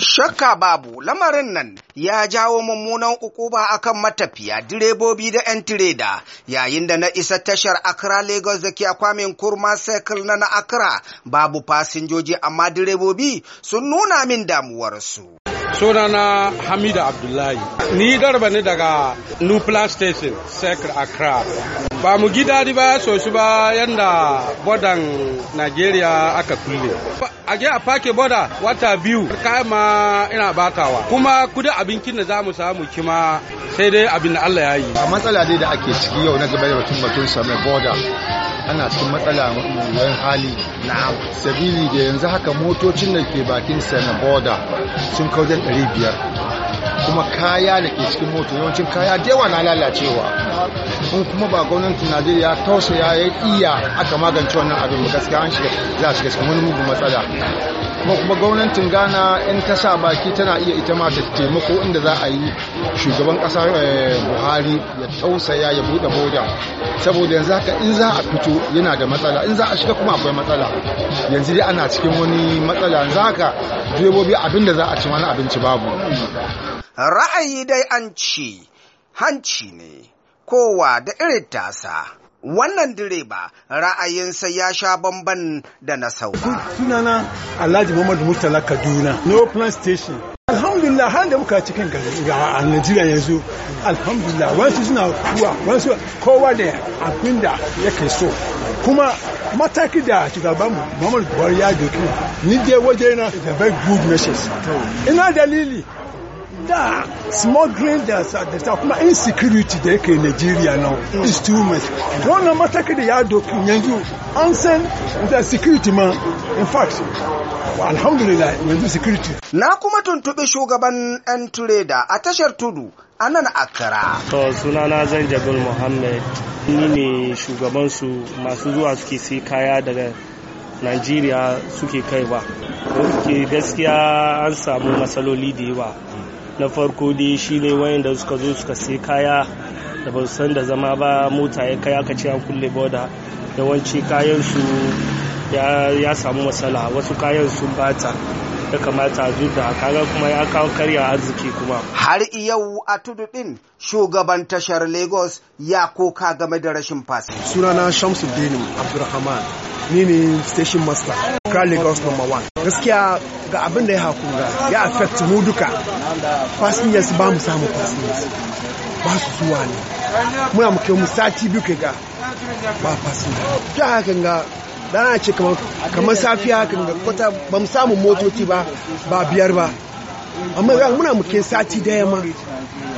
Shakka babu lamarin nan ya jawo mummunan ukuba akan matafiya direbobi da 'yan tireda yayin da na isa tashar Accra Lagos da ke akwamin kurma circle na na Accra babu fasinjoji amma direbobi sun nuna min damuwarsu. sunana hamida abdullahi ni darba ne daga nupla station secret accra ba mu ji daɗi ba sosu ba yadda bodan Najeriya aka kulle. A je a fake boda wata biyu kayan ma ina bakawa. kuma kudin abincin da za mu samu kima sai dai abin da Allah ya yi. A matsala dai da ake ciki yau na gaba da batun batun samun boda ana cikin matsala yan hali na. sabili da yanzu haka motocin da ke bakin same boda sun kawo ɗari biyar kuma kaya da ke cikin moto yawancin kaya da na lalacewa in kuma ba gwamnatin najeriya tausaya ya iya aka magance wannan abin gaskiya an shiga za a shiga wani mugun matsala kuma kuma gwamnatin ghana in ta sa baki tana iya ita ma ta taimako inda za a yi shugaban kasa eh, buhari ya tausaya ya buɗe boda saboda yanzu haka in za a fito yana da matsala in za a shiga kuma akwai matsala yanzu dai ana cikin wani matsala yanzu haka direbobi abin da za a ci wani abinci babu ra'ayi dai an ci hanci ne kowa da irin tasa. Wannan direba ra'ayinsa ya sha bamban da na sauka. Sunana Alhaji Muhammadu Murtala Kaduna, No Plan Station. alhamdulillah har da muka cikin a Najeriya yanzu alhamdulillah wasu suna kuwa wasu kowa da abin da yake so kuma mataki da shugaban Muhammadu Buhari ya doki ni dai waje na da very good message ina dalili da smuggling da da kuma insecurity da yake Nigeria now is too much wannan mataki da ya doki yanzu an san da security ma in fact alhamdulillah yanzu security na kuma tuntuɓi shugaban 'yan tureda a tashar tudu a nan akara. To sunana zan Jabir Muhammad ni ne shugabansu masu zuwa suke sai kaya daga Najeriya suke kaiwa. Gaskiya an samu matsaloli da yawa. na farko dai shine wayanda suka zo suka sai kaya da ba san da zama ba mota ya kai aka ce an kulle boda yawanci kayan su ya samu matsala wasu kayan sun bata ya kamata a a kaga kuma ya kawo karya arziki kuma har yau a tudu din shugaban tashar lagos ya koka game da rashin fasa sunana Dini abdulrahman ni ne station master kra lagos number one gaskiya ga abin da ya hakura ya affect mu duka passengers ba mu samu passengers ba su zuwa ne muna mu kai mu sati biyu kai ga ba fasinja da hakan ga dan a ce kamar safiya hakan ga kwata ba mu samu motoci ba ba biyar ba amma za muna muke sati da yamma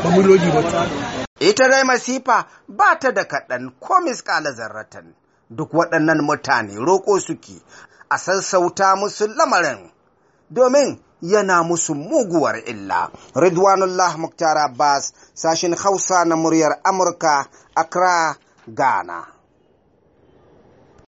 ba mu lodi ba ita dai masifa ba ta da kaɗan ko miskala zarratan duk waɗannan mutane roƙo suke a sassauta musu lamarin domin yana musu muguwar illa. Ridwanullah Muktar Abbas, sashin Hausa na muryar Amurka, Accra, Ghana.